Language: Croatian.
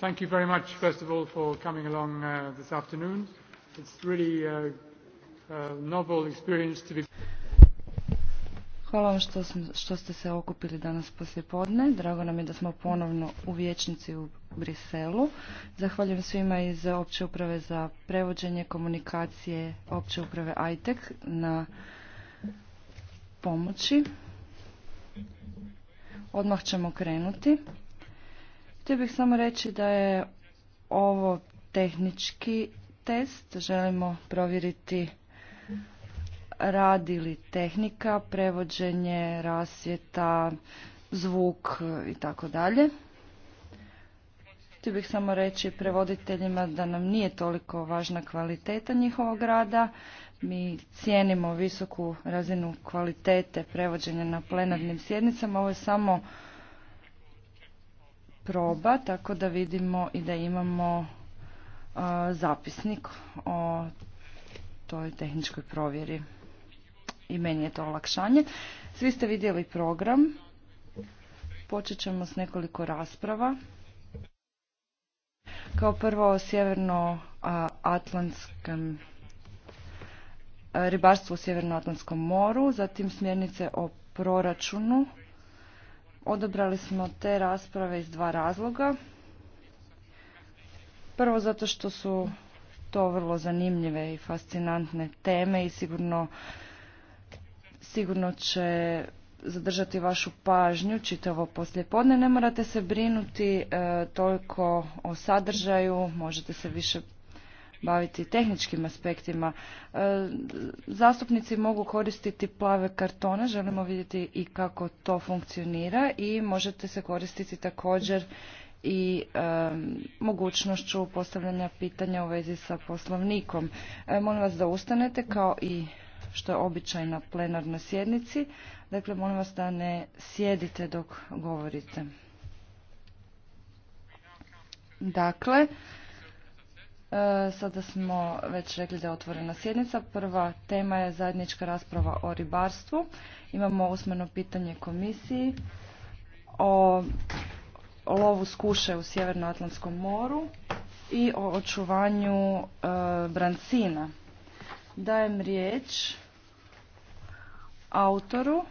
thank you very much, first for coming along uh, this afternoon. It's really uh, novel experience to be... Hvala vam što, što ste se okupili danas poslijepodne. Drago nam je da smo ponovno u vječnici u Briselu. Zahvaljujem svima iz Opće uprave za prevođenje komunikacije Opće uprave ITEC na pomoći. Odmah ćemo krenuti. Htio bih samo reći da je ovo tehnički test. Želimo provjeriti radi li tehnika, prevođenje, rasvjeta, zvuk i tako dalje. Htio bih samo reći prevoditeljima da nam nije toliko važna kvaliteta njihovog rada. Mi cijenimo visoku razinu kvalitete prevođenja na plenarnim sjednicama. Ovo je samo proba, tako da vidimo i da imamo zapisnik o toj tehničkoj provjeri. I meni je to olakšanje. Svi ste vidjeli program. Počet ćemo s nekoliko rasprava. Kao prvo o sjevernoatlantskom ribarstvu u Sjevernoatlantskom moru, zatim smjernice o proračunu Odabrali smo te rasprave iz dva razloga. Prvo zato što su to vrlo zanimljive i fascinantne teme i sigurno, sigurno će zadržati vašu pažnju čitavo poslijepodne. Ne morate se brinuti e, toliko o sadržaju, možete se više baviti tehničkim aspektima. E, zastupnici mogu koristiti plave kartone, želimo vidjeti i kako to funkcionira i možete se koristiti također i e, mogućnošću postavljanja pitanja u vezi sa poslovnikom. E, molim vas da ustanete kao i što je običaj na plenarnoj sjednici. Dakle, molim vas da ne sjedite dok govorite. Dakle, E, sada smo već rekli da je otvorena sjednica. Prva tema je zajednička rasprava o ribarstvu. Imamo usmeno pitanje komisiji o lovu skuše u Sjevernoatlantskom moru i o očuvanju e, brancina. Dajem riječ autoru